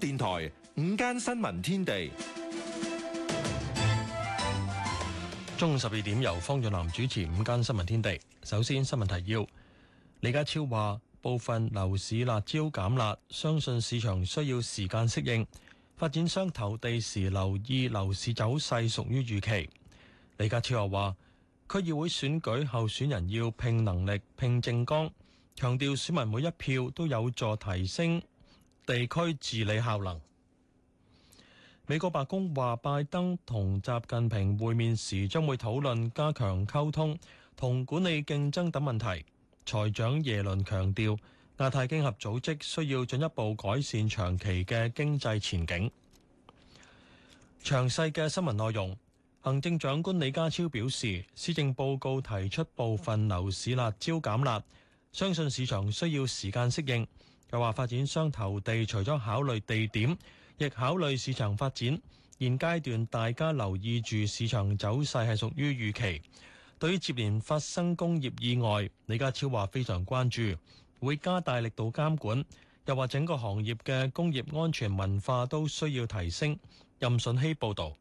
電台午間新聞天地，中午十二點，由方俊南主持《午間新聞天地》天地。首先新聞提要：李家超話，部分樓市辣招減辣，相信市場需要時間適應。發展商投地時留意樓市走勢，屬於預期。李家超又話，區議會選舉候選人要拼能力、拼政綱，強調選民每一票都有助提升。地區治理效能。美國白宮話，拜登同習近平會面時將會討論加強溝通同管理競爭等問題。財長耶倫強調，亞太經合組織需要進一步改善長期嘅經濟前景。詳細嘅新聞內容，行政長官李家超表示，施政報告提出部分樓市辣招減辣，相信市場需要時間適應。又話發展商投地除咗考慮地點，亦考慮市場發展。現階段大家留意住市場走勢係屬於預期。對於接連發生工業意外，李家超話非常關注，會加大力度監管。又話整個行業嘅工業安全文化都需要提升。任順希報導。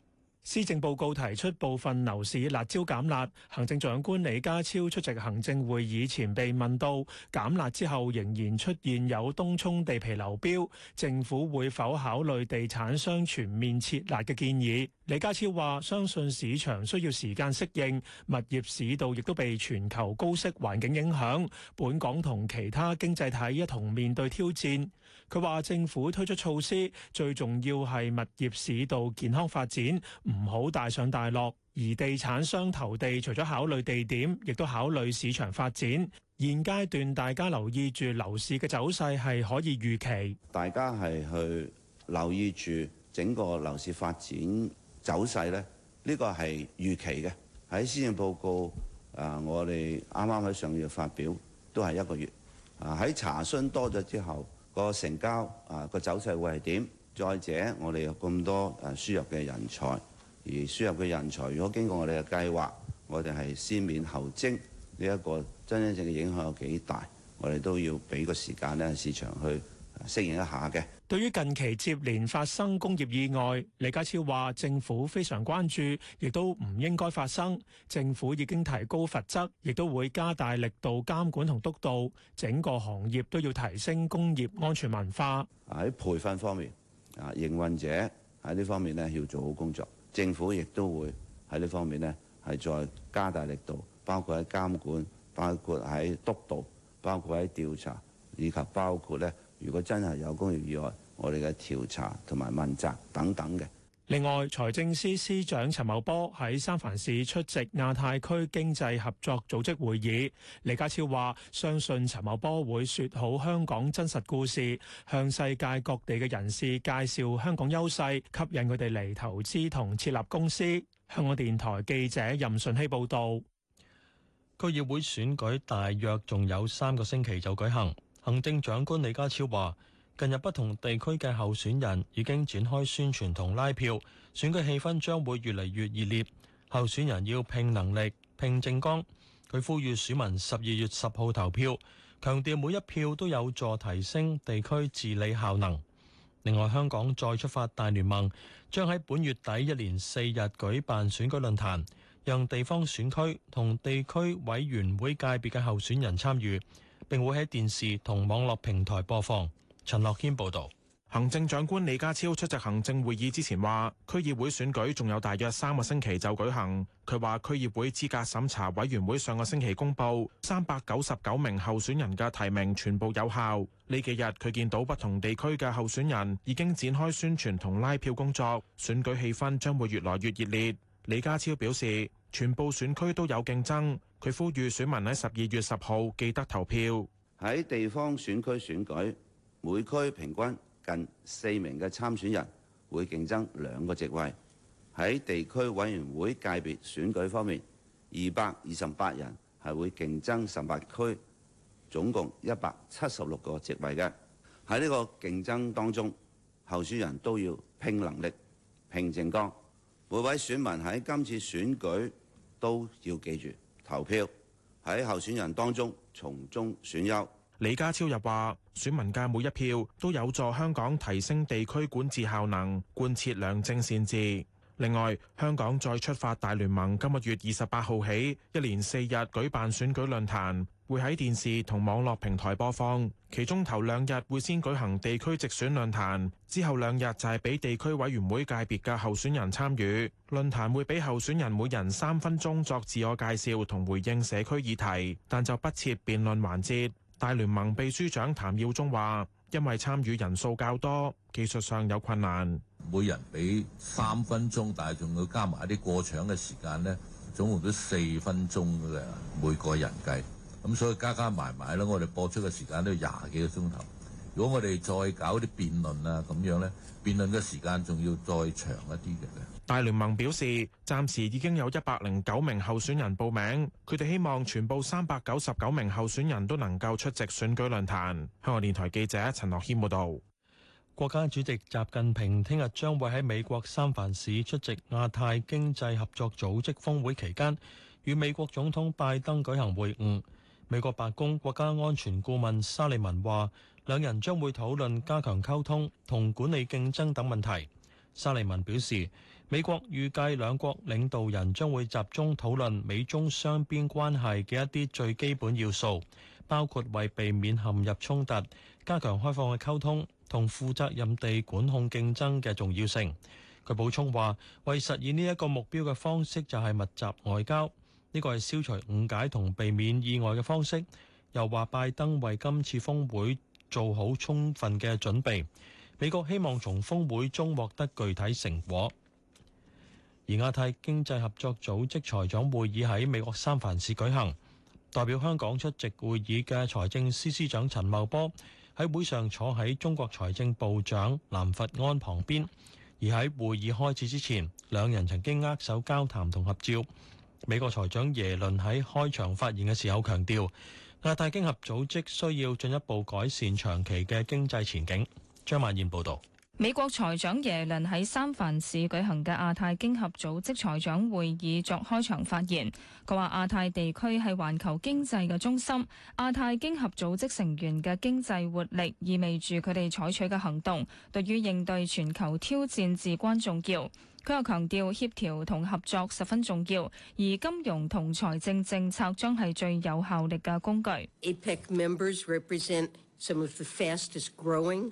施政報告提出部分樓市辣招減辣，行政長官李家超出席行政會議前被問到減辣之後仍然出現有東湧地皮流標，政府會否考慮地產商全面撤辣嘅建議？李家超話：相信市場需要時間適應，物業市道亦都被全球高息環境影響，本港同其他經濟體一同面對挑戰。佢話：政府推出措施最重要係物業市道健康發展。唔好大上大落，而地產商投地，除咗考慮地點，亦都考慮市場發展。現階段大家留意住樓市嘅走勢係可以預期，大家係去留意住整個樓市發展走勢咧。呢個係預期嘅。施政報告啊，我哋啱啱喺上月發表都係一個月啊。喺查詢多咗之後，個成交啊個走勢會係點？再者，我哋有咁多啊輸入嘅人才。而輸入嘅人才，如果經過我哋嘅計劃，我哋係先免後徵呢一個真真正正嘅影響有幾大？我哋都要俾個時間呢市場去適應一下嘅。對於近期接連發生工業意外，李家超話：政府非常關注，亦都唔應該發生。政府已經提高罰則，亦都會加大力度監管同督導，整個行業都要提升工業安全文化。喺培訓方面啊，營運者喺呢方面呢要做好工作。政府亦都會喺呢方面呢，係再加大力度，包括喺監管、包括喺督導、包括喺調查，以及包括呢，如果真係有工業意外，我哋嘅調查同埋問責等等嘅。另外，財政司司長陳茂波喺三藩市出席亞太區經濟合作組織會議。李家超話：相信陳茂波會説好香港真實故事，向世界各地嘅人士介紹香港優勢，吸引佢哋嚟投資同設立公司。香港電台記者任順希報道。區議會選舉大約仲有三個星期就舉行，行政長官李家超話。近日不同地區嘅候選人已經展開宣傳同拉票，選舉氣氛將會越嚟越熱烈。候選人要拼能力、拼政綱。佢呼籲選民十二月十號投票，強調每一票都有助提升地區治理效能。另外，香港再出發大聯盟將喺本月底一連四日舉辦選舉論壇，讓地方選區同地區委員會界別嘅候選人參與，並會喺電視同網絡平台播放。陳樂謙報道，行政長官李家超出席行政會議之前話，區議會選舉仲有大約三個星期就舉行。佢話區議會資格審查委員會上個星期公布三百九十九名候選人嘅提名全部有效。呢幾日佢見到不同地區嘅候選人已經展開宣傳同拉票工作，選舉氣氛將會越來越熱烈。李家超表示，全部選區都有競爭，佢呼籲選民喺十二月十號記得投票。喺地方選區選舉，每區平均近四名嘅參選人會競爭兩個席位，喺地區委員會界別選舉方面，二百二十八人係會競爭十八區，總共一百七十六個席位嘅。喺呢個競爭當中，候選人都要拼能力、拼政綱。每位選民喺今次選舉都要記住投票，喺候選人當中從中選優。李家超又話選民界每一票都有助香港提升地區管治效能，貫徹良政善治。另外，香港再出發大聯盟今個月二十八號起一連四日舉辦選舉論壇，會喺電視同網絡平台播放。其中頭兩日會先舉行地區直選論壇，之後兩日就係俾地區委員會界別嘅候選人參與，論壇會俾候選人每人三分鐘作自我介紹同回應社區議題，但就不設辯論環節。大聯盟秘書長譚耀宗話，因為參與人數較多，技術上有困難，每人俾三分鐘，但係仲要加埋一啲過場嘅時間咧，總共都四分鐘嘅每個人計，咁所以加加埋埋咧，我哋播出嘅時間都要廿幾個鐘頭。如果我哋再搞啲辯論啊咁樣咧，辯論嘅時間仲要再長一啲嘅。大聯盟表示，暫時已經有一百零九名候選人報名，佢哋希望全部三百九十九名候選人都能夠出席選舉論壇。香港電台記者陳樂軒報道。國家主席習近平聽日將會喺美國三藩市出席亞太經濟合作組織峰會期間，與美國總統拜登舉行會晤。美國白宮國家安全顧問沙利文話，兩人將會討論加強溝通同管理競爭等問題。沙利文表示。美國預計兩國領導人將會集中討論美中雙邊關係嘅一啲最基本要素，包括為避免陷入衝突，加強開放嘅溝通同負責任地管控競爭嘅重要性。佢補充話，為實現呢一個目標嘅方式就係密集外交，呢個係消除誤解同避免意外嘅方式。又話拜登為今次峰會做好充分嘅準備，美國希望從峰會中獲得具體成果。而亞太經濟合作組織財長會議喺美國三藩市舉行，代表香港出席會議嘅財政司司長陳茂波喺會上坐喺中國財政部長藍佛安旁邊，而喺會議開始之前，兩人曾經握手交談同合照。美國財長耶倫喺開場發言嘅時候強調，亞太經合組織需要進一步改善長期嘅經濟前景。張曼燕報道。美國財長耶倫喺三藩市舉行嘅亞太經合組織財長會議作開場發言，佢話亞太地區係環球經濟嘅中心，亞太經合組織成員嘅經濟活力意味住佢哋採取嘅行動對於應對全球挑戰至關重要。佢又強調協調同合作十分重要，而金融同財政政策將係最有效力嘅工具。APEC members represent some of the fastest growing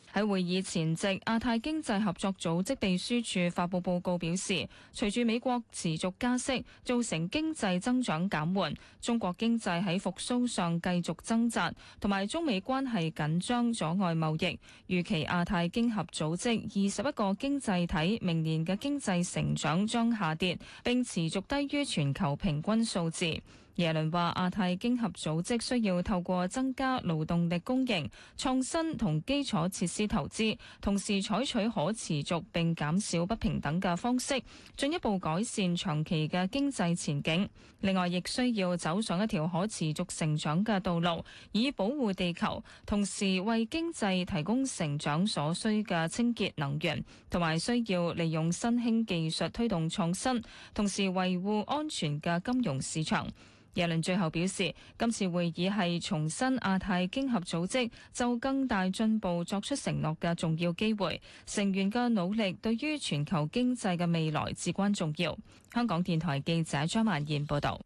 喺會議前夕，亞太經濟合作組織秘書處發布報告表示，隨住美國持續加息，造成經濟增長減緩；中國經濟喺復甦上繼續掙扎，同埋中美關係緊張阻礙貿易。預期亞太經合組織二十一個經濟體明年嘅經濟成長將下跌，並持續低於全球平均數字。耶倫話：亞太經合組織需要透過增加勞動力供應、創新同基礎設施投資，同時採取可持續並減少不平等嘅方式，進一步改善長期嘅經濟前景。另外，亦需要走上一條可持續成長嘅道路，以保護地球，同時為經濟提供成長所需嘅清潔能源，同埋需要利用新興技術推動創新，同時維護安全嘅金融市場。耶倫最後表示，今次會議係重申亞太經合組織就更大進步作出承諾嘅重要機會，成員嘅努力對於全球經濟嘅未來至關重要。香港電台記者張曼燕報道。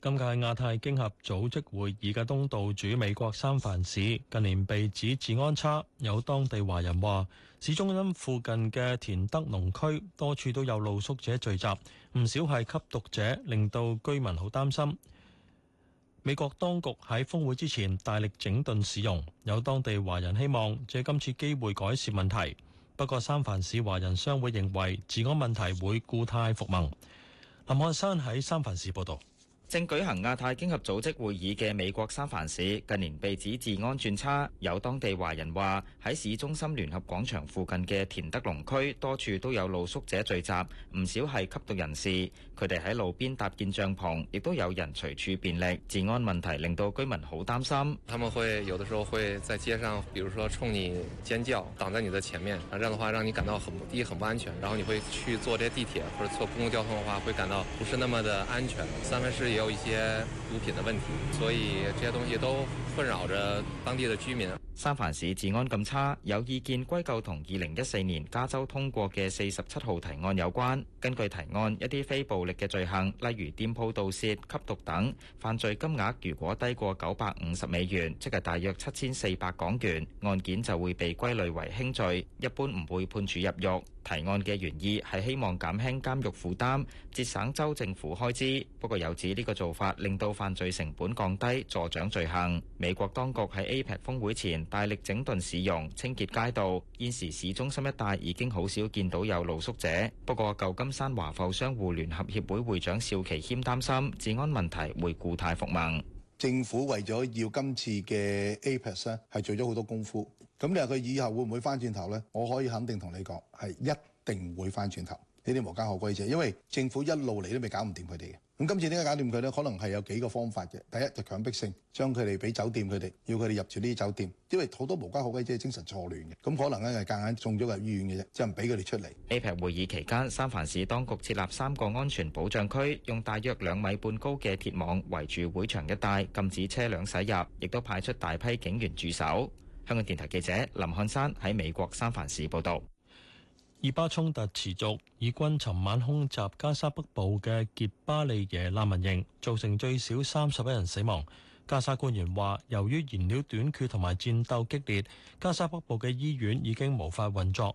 今屆亞太經合組織會議嘅東道主美國三藩市近年被指治安差，有當地華人話。市中心附近嘅田德農區多處都有露宿者聚集，唔少係吸毒者，令到居民好擔心。美國當局喺峰會之前大力整頓市容，有當地華人希望借今次機會改善問題，不過三藩市華人商會認為治安問題會故態復萌。林漢山喺三藩市報道。正舉行亞太經合組織會議嘅美國三藩市近年被指治安轉差，有當地華人話喺市中心聯合廣場附近嘅田德龍區多處都有露宿者聚集，唔少係吸毒人士。佢哋喺路邊搭建帳篷，亦都有人隨處便溺，治安問題令到居民好擔心。他們會有的時候會在街上，比如說衝你尖叫，擋在你的前面，那這樣的話讓你感到很低、很不安全。然後你會去坐這地鐵或者坐公共交通的話，會感到不是那麼的安全。三藩市也。有啲毒品嘅問題，所以這些東西都困擾着當地嘅居民。三藩市治安咁差，有意見歸咎同二零一四年加州通過嘅四十七號提案有關。根據提案，一啲非暴力嘅罪行，例如店鋪盜竊、吸毒等，犯罪金額如果低過九百五十美元，即係大約七千四百港元，案件就會被歸類為輕罪，一般唔會判處入獄。提案嘅原意係希望減輕監獄負擔、節省州政府開支。不過又指呢個做法令到犯罪成本降低、助長罪行。美國當局喺 APEC 峰會前大力整頓市容、清潔街道，現時市中心一帶已經好少見到有露宿者。不過舊金山華埠商戶聯合協會會長邵其謙擔心治安問題會故態復萌。政府為咗要今次嘅 APEC 係做咗好多功夫。咁你話佢以後會唔會翻轉頭呢？我可以肯定同你講，係一定會翻轉頭。呢啲無家可歸者，因為政府一路嚟都未搞唔掂佢哋嘅。咁今次點解搞掂佢呢？可能係有幾個方法嘅。第一就強迫性將佢哋俾酒店，佢哋要佢哋入住呢啲酒店，因為好多無家可歸者精神錯亂嘅。咁可能呢係夾硬送咗入醫院嘅啫，即係唔俾佢哋出嚟。APEC 會議期間，三藩市當局設立三個安全保障區，用大約兩米半高嘅鐵網圍住會場一帶，禁止車輛駛入，亦都派出大批警員駐守。香港電台記者林漢山喺美國三藩市報道。以巴衝突持續，以軍尋晚空襲加沙北部嘅傑巴利耶難民營，造成最少三十一人死亡。加沙官員話，由於燃料短缺同埋戰鬥激烈，加沙北部嘅醫院已經無法運作。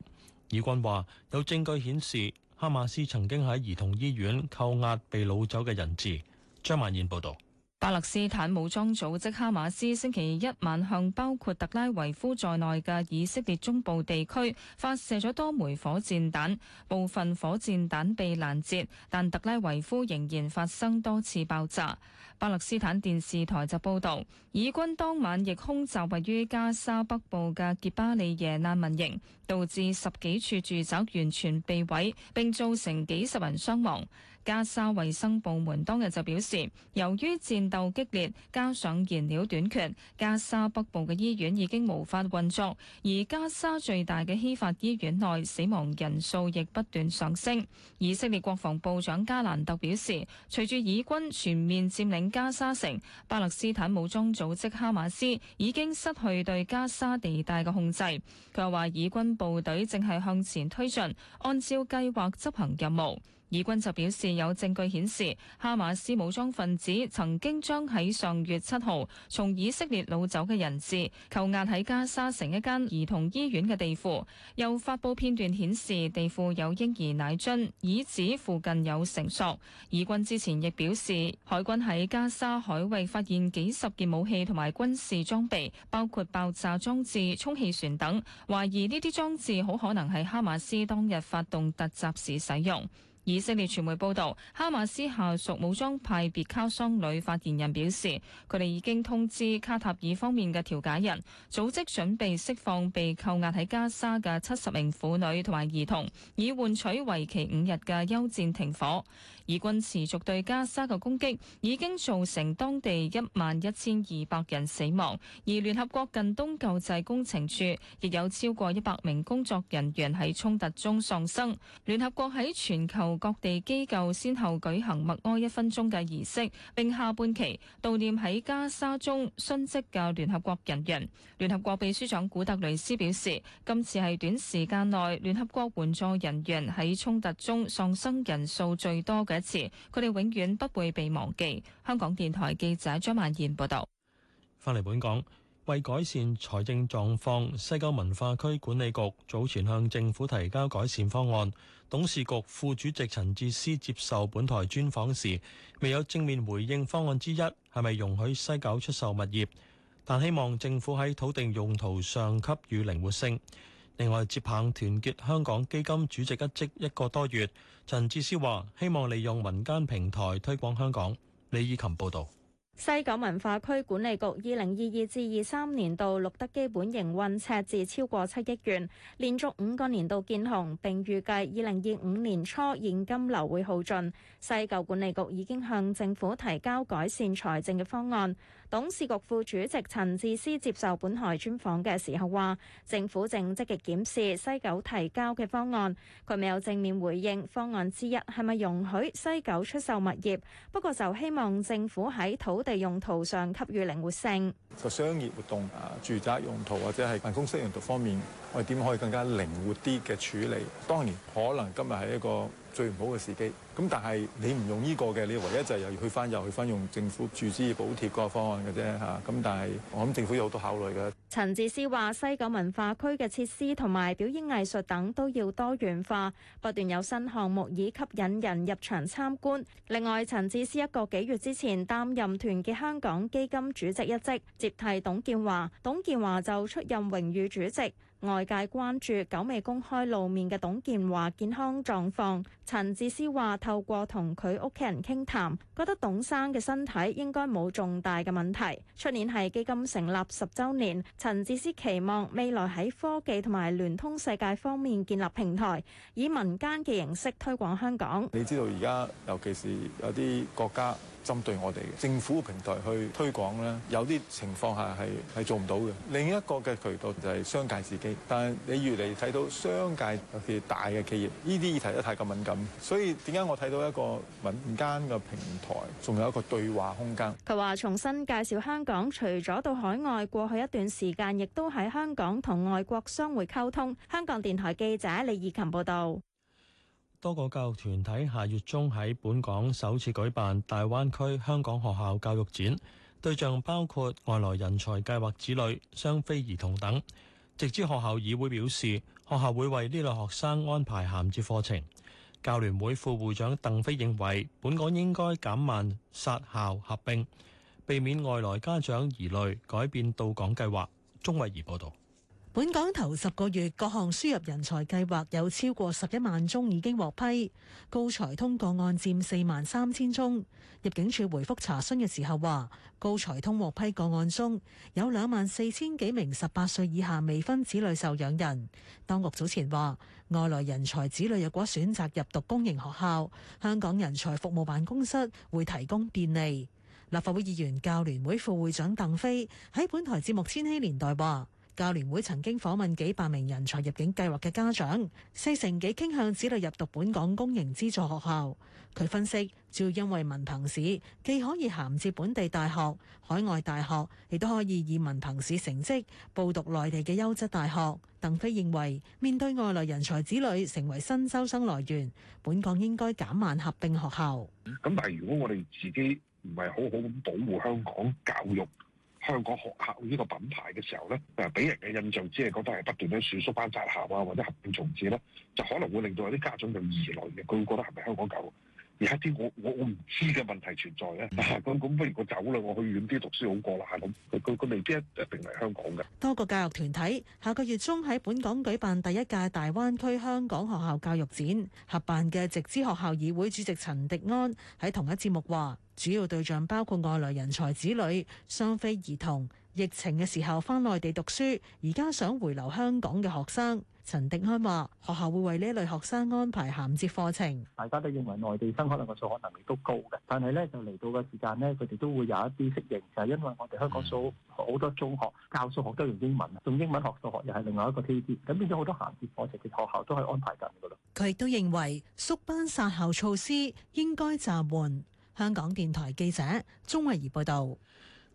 以軍話，有證據顯示哈馬斯曾經喺兒童醫院扣押被擄走嘅人質。張曼燕報道。巴勒斯坦武裝組織哈馬斯星期一晚向包括特拉維夫在內嘅以色列中部地區發射咗多枚火箭彈，部分火箭彈被攔截，但特拉維夫仍然發生多次爆炸。巴勒斯坦電視台就報道，以軍當晚亦空襲位於加沙北部嘅傑巴利耶難民營，導致十幾處住宅完全被毀，並造成幾十人傷亡。加沙衛生部門當日就表示，由於戰鬥激烈，加上燃料短缺，加沙北部嘅醫院已經無法運作，而加沙最大嘅希法醫院內死亡人數亦不斷上升。以色列國防部長加蘭特表示，隨住以軍全面佔領加沙城，巴勒斯坦武裝組織哈馬斯已經失去對加沙地帶嘅控制。佢話，以軍部隊正係向前推進，按照計劃執行任務。以軍就表示，有證據顯示哈馬斯武裝分子曾經將喺上月七號從以色列擄走嘅人質扣押喺加沙城一間兒童醫院嘅地庫，又發布片段顯示地庫有嬰兒奶樽，椅子附近有繩索。以軍之前亦表示，海軍喺加沙海域發現幾十件武器同埋軍事裝備，包括爆炸裝置、充氣船等，懷疑呢啲裝置好可能係哈馬斯當日發動突襲時使用。以色列傳媒報道，哈馬斯下屬武裝派別卡桑旅發言人表示，佢哋已經通知卡塔爾方面嘅調解人，組織準備釋放被扣押喺加沙嘅七十名婦女同埋兒童，以換取為期五日嘅休戰停火。以軍持續對加沙嘅攻擊已經造成當地一萬一千二百人死亡，而聯合國近東救濟工程處亦有超過一百名工作人員喺衝突中喪生。聯合國喺全球。各地機構先後舉行默哀一分鐘嘅儀式，並下半旗悼念喺加沙中殉職嘅聯合國人員。聯合國秘書長古特雷斯表示，今次係短時間內聯合國援助人員喺衝突中喪生人數最多嘅一次，佢哋永遠不會被忘記。香港電台記者張曼燕報道。翻嚟本港，為改善財政狀況，西九文化區管理局早前向政府提交改善方案。董事局副主席陳智思接受本台專訪時，未有正面回應方案之一係咪容許西九出售物業，但希望政府喺土地用途上給予靈活性。另外，接棒團結香港基金主席一職一個多月，陳智思話希望利用民間平台推廣香港。李以琴報道。西九文化區管理局二零二二至二三年度錄得基本營運赤字超過七億元，連續五個年度見紅，並預計二零二五年初現金流會耗盡。西九管理局已經向政府提交改善財政嘅方案。董事局副主席陳智思接受本台專訪嘅時候話，政府正積極檢視西九提交嘅方案，佢未有正面回應方案之一係咪容許西九出售物業。不過就希望政府喺土地用途上給予靈活性。就商業活動啊，住宅用途或者係辦公室用途方面，我哋點可以更加靈活啲嘅處理？當然可能今日係一個最唔好嘅時機。咁但係你唔用呢個嘅，你唯一就係又要去翻又去翻用政府注資補貼嗰個方案嘅啫吓，咁、啊、但係我諗政府有好多考慮嘅。陳智思話西九文化區嘅設施同埋表演藝術等都要多元化，不斷有新項目以吸引人入場參觀，另外，陳智思一個幾月之前擔任團結香港基金主席一職接替董建華，董建華就出任榮譽主席。外界關注久未公開露面嘅董建華健康狀況，陳智思話。透過同佢屋企人傾談，覺得董生嘅身體應該冇重大嘅問題。出年係基金成立十周年，陳智思期望未來喺科技同埋聯通世界方面建立平台，以民間嘅形式推廣香港。你知道而家，尤其是有啲國家。針對我哋嘅政府嘅平台去推廣呢，有啲情況下係係做唔到嘅。另一個嘅渠道就係商界自己，但係你越嚟睇到商界特別大嘅企業，呢啲議題都太過敏感，所以點解我睇到一個民間嘅平台，仲有一個對話空間。佢話重新介紹香港，除咗到海外過去一段時間，亦都喺香港同外國商會溝通。香港電台記者李以琴報道。多個教育團體下月中喺本港首次舉辦大灣區香港學校教育展，對象包括外來人才計劃子女、雙非兒童等。直資學校議會表示，學校會為呢類學生安排銜接課程。教聯會副會長鄧飛認為，本港應該減慢殺校合併，避免外來家長疑慮，改變到港計劃。鍾慧儀報道。本港頭十個月，各項輸入人才計劃有超過十一萬宗已經獲批，高才通個案佔四萬三千宗。入境處回覆查詢嘅時候話，高才通獲批個案中有兩萬四千幾名十八歲以下未婚子女受養人。當局早前話，外來人才子女若果選擇入讀公營學校，香港人才服務辦公室會提供便利。立法會議員教聯會副會長鄧飛喺本台節目《千禧年代》話。教聯會曾經訪問幾百名人才入境計劃嘅家長，四成幾傾向子女入讀本港公營資助學校。佢分析，主要因為文憑試既可以銜接本地大學、海外大學，亦都可以以文憑試成績報讀內地嘅優質大學。鄧飛認為，面對外來人才子女成為新收生來源，本港應該減慢合併學校。咁但係如果我哋自己唔係好好咁保護香港教育，香港學校呢個品牌嘅時候咧，誒，俾人嘅印象只係覺得係不斷咁縮縮班、殺校啊，或者合併重置咧，就可能會令到有啲家長就疑慮嘅，佢會覺得係咪香港狗？而家啲我我我唔知嘅問題存在咧，啊咁咁，不如我走啦，我去遠啲讀書好過啦，咁佢佢佢未必一定嚟香港嘅。多個教育團體下個月中喺本港舉辦第一屆大灣區香港學校教育展，合辦嘅直資學校議會主席陳迪安喺同一節目話，主要對象包括外來人才子女、雙非兒童、疫情嘅時候翻內地讀書，而家想回流香港嘅學生。陳迪安話：學校會為呢一類學生安排銜接課程。大家都認為內地生可能數學能力都高嘅，但係咧就嚟到嘅時間咧，佢哋都會有一啲適應。就係、是，因為我哋香港數學好多中學教數學都用英文，用英文學數學又係另外一個 key 點，咁變咗好多銜接課程嘅學校都係安排緊噶啦。佢亦都認為縮班殺校措施應該暫緩。香港電台記者鍾慧儀報道。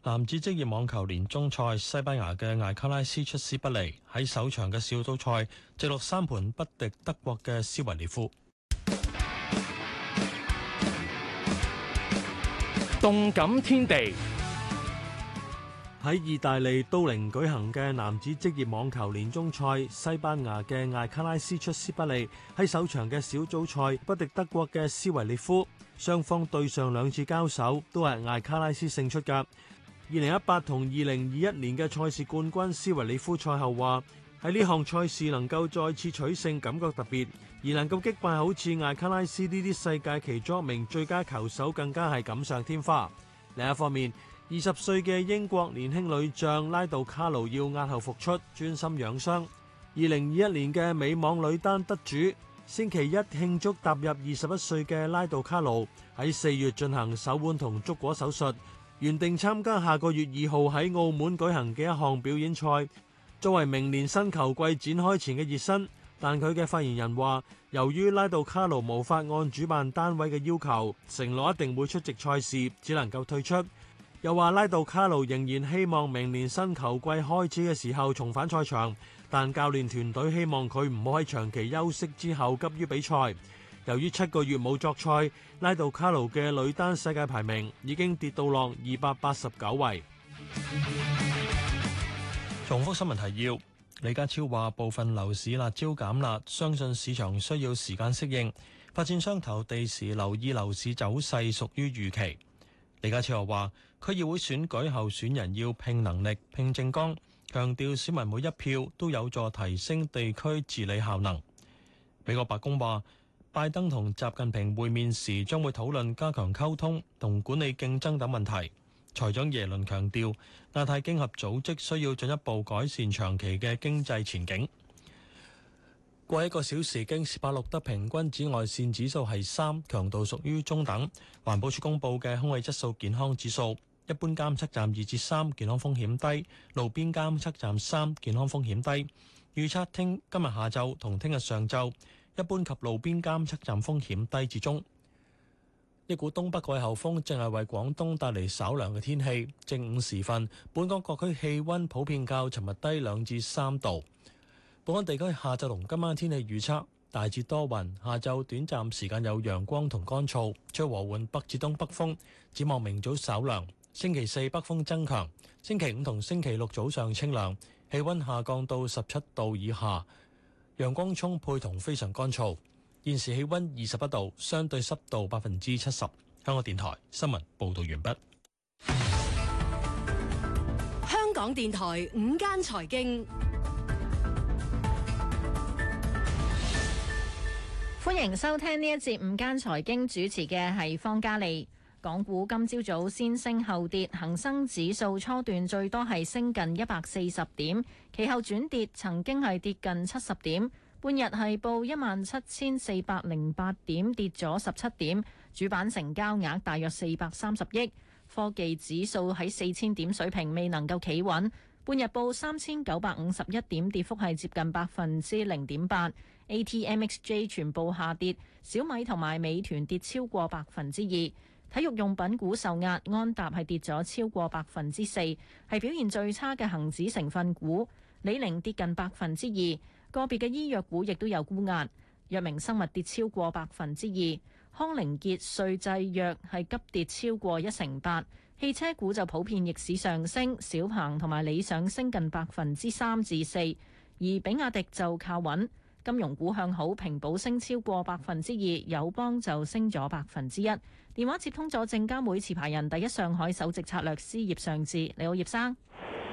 男子職業網球年終賽，西班牙嘅艾卡拉斯出師不利，喺首場嘅小組賽直落三盤不敵德國嘅斯維列夫。動感天地，喺 意大利都靈舉行嘅男子職業網球年終賽，西班牙嘅艾卡拉斯出師不利，喺首場嘅小組賽不敵德國嘅斯維列夫。雙方對上兩次交手都係艾卡拉斯勝出噶。二零一八同二零二一年嘅賽事冠軍斯維里夫賽後話：喺呢項賽事能夠再次取勝，感覺特別；而能夠擊敗好似艾卡拉斯呢啲世界其中一名最佳球手，更加係錦上添花。另一方面，二十歲嘅英國年輕女將拉杜卡魯要押後復出，專心養傷。二零二一年嘅美網女單得主，星期一慶祝踏入二十一歲嘅拉杜卡魯喺四月進行手腕同足果手術。原定參加下個月二號喺澳門舉行嘅一項表演賽，作為明年新球季展開前嘅熱身。但佢嘅發言人話，由於拉杜卡魯無法按主辦單位嘅要求承諾一定會出席賽事，只能夠退出。又話拉杜卡魯仍然希望明年新球季開始嘅時候重返賽場，但教練團隊希望佢唔好喺長期休息之後急於比賽。由於七個月冇作賽，拉杜卡努嘅女單世界排名已經跌到落二百八十九位。重複新聞提要：李家超話，部分樓市辣椒減辣，相信市場需要時間適應。發展商投地時留意樓市走勢屬於預期。李家超又話，區議會選舉候選人要拼能力、拼政綱，強調市民每一票都有助提升地區治理效能。美國白宮話，拜登同習近平會面時，將會討論加強溝通同管理競爭等問題。財長耶倫強調，亞太經合組織需要進一步改善長期嘅經濟前景。過一個小時，京士柏錄得平均紫外線指數係三，強度屬於中等。環保署公佈嘅空氣質素健康指數，一般監測站二至三，健康風險低；路邊監測站三，健康風險低。預測聽今日下晝同聽日上晝。一般及路邊監測站風險低至中，一股東北季候風正係為廣東帶嚟稍涼嘅天氣，正午時分，本港各區氣溫普遍較尋日低兩至三度。本港地區下晝同今晚天氣預測大致多雲，下晝短暫時間有陽光同乾燥，吹和緩北至東北風，展望明早稍涼，星期四北風增強，星期五同星期六早上清涼，氣溫下降到十七度以下。陽光充沛同非常乾燥。現時氣溫二十一度，相對濕度百分之七十。香港電台新聞報道完畢。香港電台午間財經，歡迎收聽呢一節午間財經，主持嘅係方嘉莉。港股今朝早先升後跌，恒生指數初段最多係升近一百四十點，其後轉跌，曾經係跌近七十點，半日係報一萬七千四百零八點，跌咗十七點。主板成交額大約四百三十億。科技指數喺四千點水平未能夠企穩，半日報三千九百五十一點，跌幅係接近百分之零點八。ATMXJ 全部下跌，小米同埋美團跌超過百分之二。體育用品股受壓，安踏係跌咗超過百分之四，係表現最差嘅恒指成分股。李寧跌近百分之二，個別嘅醫藥股亦都有沽壓，藥明生物跌超過百分之二，康寧傑瑞製藥係急跌超過一成八。汽車股就普遍逆市上升，小鵬同埋理想升近百分之三至四，而比亞迪就靠穩。金融股向好，平保升超過百分之二，友邦就升咗百分之一。電話接通咗證監會持牌人第一上海首席策略師葉尚志，你好，葉生。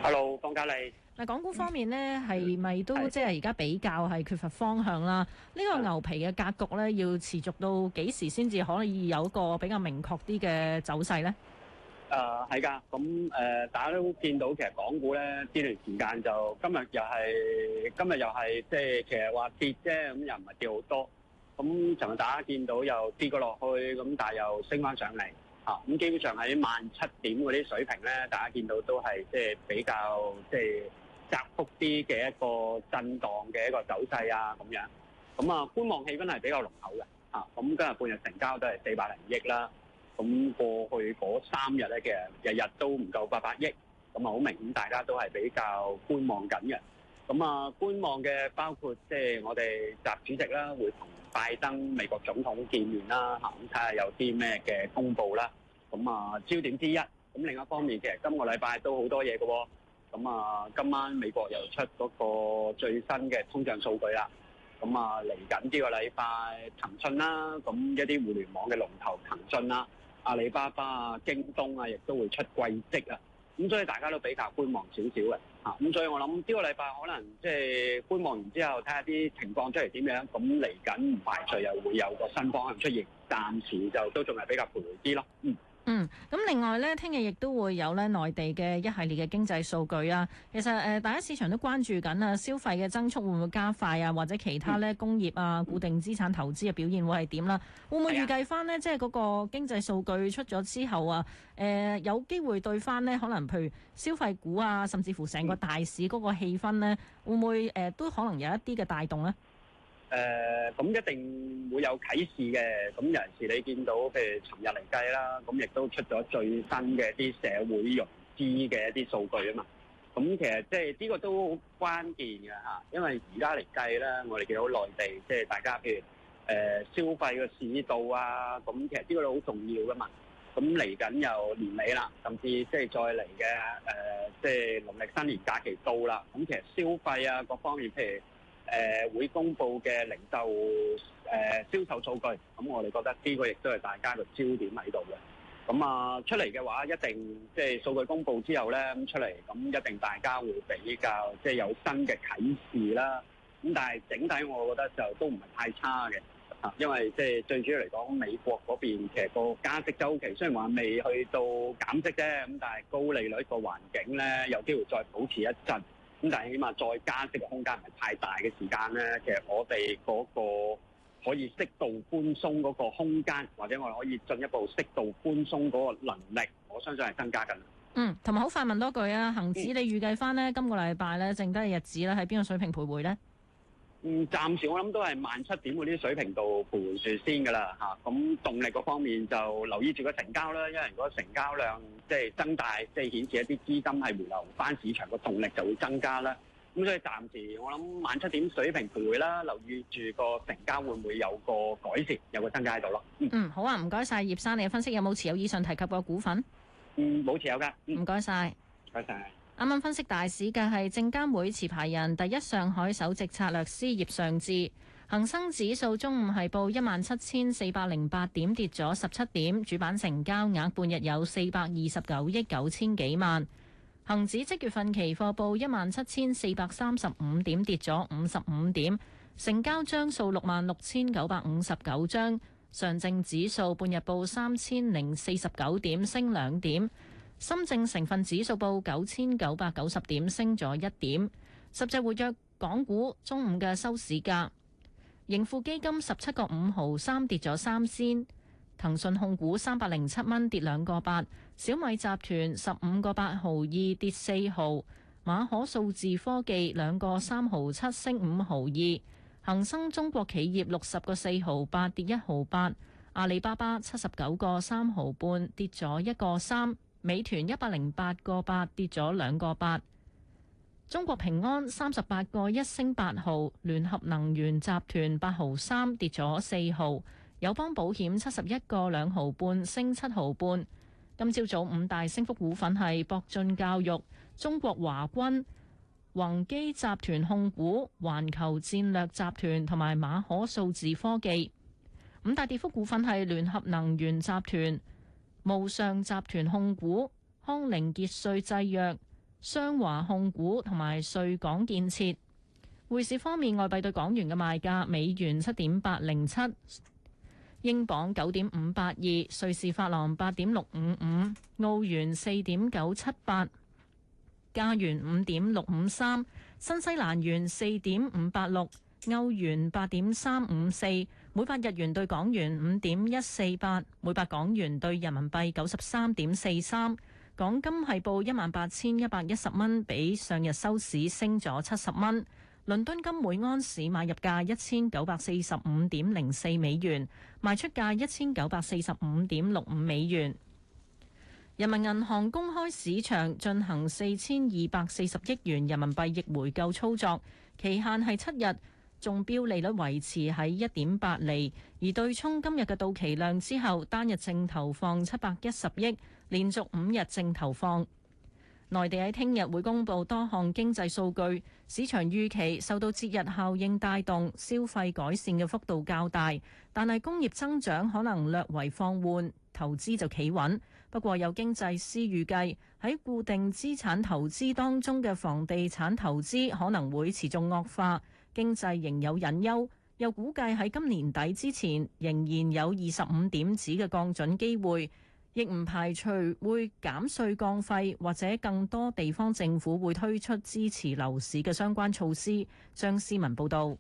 Hello，方嘉莉。嗱，港股方面呢，係咪都即係而家比較係缺乏方向啦？呢個牛皮嘅格局咧，要持續到幾時先至可以有一個比較明確啲嘅走勢呢？啊，係噶、呃，咁誒、呃，大家都見到其實港股咧，呢段時間就今日又係，今日又係，即係、就是、其實話跌啫，咁又唔係跌好多。咁尋日大家見到又跌過落去，咁但係又升翻上嚟，嚇、啊、咁、嗯、基本上喺萬七點嗰啲水平咧，大家見到都係即係比較即係、就是、窄幅啲嘅一個震盪嘅一個走勢啊，咁樣。咁、嗯、啊，觀望氣氛係比較濃厚嘅，嚇、啊、咁、嗯、今日半日成交都係四百零億啦。咁過去嗰三日呢，其實，日日都唔夠八百億，咁啊好明顯大家都係比較觀望緊嘅。咁啊觀望嘅包括即係我哋習主席啦，會同拜登美國總統見面啦，嚇咁睇下有啲咩嘅通報啦。咁啊焦點之一，咁另一方面其實今個禮拜都好多嘢嘅喎。咁啊今晚美國又出嗰個最新嘅通脹數據啦。咁啊嚟緊呢個禮拜騰訊啦，咁一啲互聯網嘅龍頭騰訊啦。阿里巴巴啊、京東啊，亦都會出季績啊，咁、嗯、所以大家都比較觀望少少嘅嚇，咁、啊、所以我諗呢個禮拜可能即、就、係、是、觀望完之後，睇下啲情況出嚟點樣，咁嚟緊唔排除又會有個新方向出現，暫時就都仲係比較徘徊啲咯，嗯。嗯，咁另外咧，聽日亦都會有咧內地嘅一系列嘅經濟數據啊。其實誒、呃，大家市場都關注緊啊，消費嘅增速會唔會加快啊？或者其他咧、嗯、工業啊、固定資產投資嘅表現會係點啦？會唔會預計翻呢？嗯、即係嗰個經濟數據出咗之後啊？誒、呃，有機會對翻呢？可能譬如消費股啊，甚至乎成個大市嗰個氣氛咧，會唔會誒、呃、都可能有一啲嘅帶動呢？誒咁、呃嗯、一定會有啟示嘅，咁尤其是你見到，譬如尋日嚟計啦，咁、嗯、亦都出咗最新嘅啲社會融資嘅一啲數據啊嘛，咁、嗯、其實即係呢個都好關鍵嘅嚇，因為而家嚟計啦，我哋見到內地即係、就是、大家譬如誒、呃、消費嘅市道啊，咁、嗯、其實呢個都好重要噶嘛，咁嚟緊又年尾啦，甚至即係再嚟嘅誒即係農曆新年假期到啦，咁、嗯、其實消費啊各方面譬如。誒會公布嘅零售誒銷售數據，咁我哋覺得呢個亦都係大家個焦點喺度嘅。咁啊出嚟嘅話，一定即係數據公佈之後咧，咁出嚟咁一定大家會比較即係有新嘅啟示啦。咁但係整體我覺得就都唔係太差嘅，嚇，因為即係最主要嚟講，美國嗰邊其實個加息週期雖然話未去到減息啫，咁但係高利率個環境咧有機會再保持一陣。咁但係起碼再加息嘅空間唔係太大嘅時間咧，其實我哋嗰個可以適度寬鬆嗰個空間，或者我哋可以進一步適度寬鬆嗰個能力，我相信係增加緊。嗯，同埋好快問多句啊，恒指、嗯、你預計返咧今個禮拜咧剩低嘅日子咧喺邊個水平徘徊咧？嗯，暫時我諗都係萬七點嗰啲水平度盤住先噶啦嚇，咁動力嗰方面就留意住個成交啦，因為如果成交量即係增大，即係顯示一啲資金係回流翻市場，個動力就會增加啦。咁所以暫時我諗萬七點水平徘徊啦，留意住個成交會唔會有個改善，有個增加喺度咯。嗯，嗯，好啊，唔該晒。葉生，你嘅分析有冇持有以上提及嘅股份？嗯，冇持有噶，唔該晒。唔該曬。謝謝。啱啱分析大市嘅係證監會持牌人，第一上海首席策略師葉尚志。恒生指數中午係報一萬七千四百零八點，跌咗十七點。主板成交額半日有四百二十九億九千幾萬。恒指即月份期貨報一萬七千四百三十五點，跌咗五十五點。成交張數六萬六千九百五十九張。上證指數半日報三千零四十九點，升兩點。深證成分指數報九千九百九十點，升咗一點。十隻活躍港股中午嘅收市價，盈富基金十七個五毫三跌咗三仙，騰訊控股三百零七蚊跌兩個八，小米集團十五個八毫二跌四毫，馬可數字科技兩個三毫七升五毫二，恒生中國企業六十個四毫八跌一毫八，阿里巴巴七十九個三毫半跌咗一個三。美團一百零八個八跌咗兩個八，中國平安三十八個一升八毫，聯合能源集團八毫三跌咗四毫，友邦保險七十一個兩毫半升七毫半。今朝早五大升幅股份係博進教育、中國華軍、宏基集團控股、環球戰略集團同埋馬可數字科技。五大跌幅股份係聯合能源集團。慕尚集團控股、康寧杰瑞製藥、雙華控股同埋瑞港建設。匯市方面，外幣對港元嘅賣價：美元七點八零七，英鎊九點五八二，瑞士法郎八點六五五，澳元四點九七八，加元五點六五三，新西蘭元四點五八六，歐元八點三五四。每百日元兌港元五點一四八，每百港元兌人民幣九十三點四三。港金係報一萬八千一百一十蚊，比上日收市升咗七十蚊。倫敦金每安士買入價一千九百四十五點零四美元，賣出價一千九百四十五點六五美元。人民銀行公開市場進行四千二百四十億元人民幣逆回購操作，期限係七日。中標利率維持喺一點八厘，而對沖今日嘅到期量之後，單日淨投放七百一十億，連續五日淨投放。內地喺聽日會公布多項經濟數據，市場預期受到節日效應帶動消費改善嘅幅度較大，但係工業增長可能略為放緩，投資就企穩。不過有經濟師預計喺固定資產投資當中嘅房地產投資可能會持續惡化。經濟仍有隱憂，又估計喺今年底之前仍然有二十五點子嘅降準機會，亦唔排除會減稅降費，或者更多地方政府會推出支持樓市嘅相關措施。張思文報導。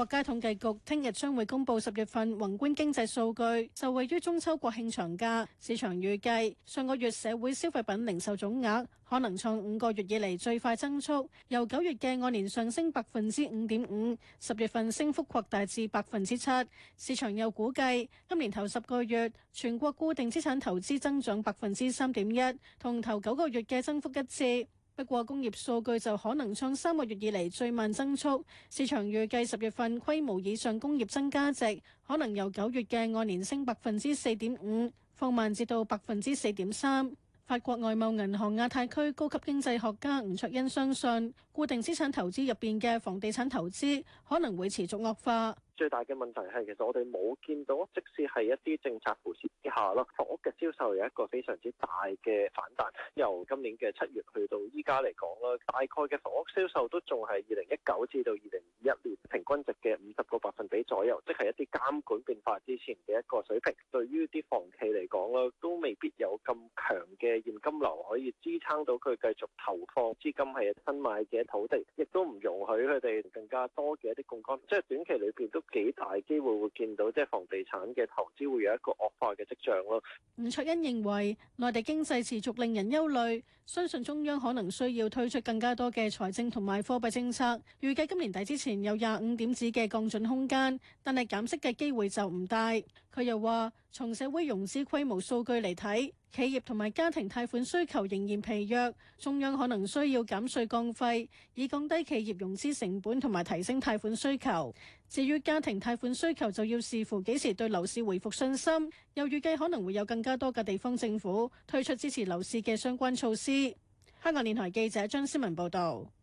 國家統計局聽日將會公布十月份宏觀經濟數據，受惠於中秋國慶長假，市場預計上個月社會消費品零售總額可能創五個月以嚟最快增速，由九月嘅按年上升百分之五點五，十月份升幅擴大至百分之七。市場又估計今年頭十個月全國固定資產投資增長百分之三點一，同頭九個月嘅增幅一致。不過工業數據就可能創三個月以嚟最慢增速，市場預計十月份規模以上工業增加值可能由九月嘅按年升百分之四點五放慢至到百分之四點三。法國外貿銀行亞太區高級經濟學家吳卓恩相信。固定資產投資入面嘅房地產投資可能會持續惡化。最大嘅問題係，其實我哋冇見到，即使係一啲政策扶持之下咯，房屋嘅銷售有一個非常之大嘅反彈，由今年嘅七月去到依家嚟講啦，大概嘅房屋銷售都仲係二零一九至到二零二一年平均值嘅五十個百分比左右，即係一啲監管變化之前嘅一個水平。對於啲房企嚟講啦，都未必有咁強嘅現金流可以支撐到佢繼續投放資金，係新買嘅。土地亦都唔容許佢哋更加多嘅一啲槓桿，即係短期裏邊都幾大機會會見到即係房地產嘅投資會有一個惡化嘅跡象咯。吳卓恩認為內地經濟持續令人憂慮。相信中央可能需要推出更加多嘅財政同埋貨幣政策，預計今年底之前有廿五點子嘅降準空間，但係減息嘅機會就唔大。佢又話，從社會融資規模數據嚟睇，企業同埋家庭貸款需求仍然疲弱，中央可能需要減稅降費，以降低企業融資成本同埋提升貸款需求。至於家庭貸款需求，就要視乎幾時對樓市回復信心。又預計可能會有更加多嘅地方政府推出支持樓市嘅相關措施。香港電台記者張思文報道。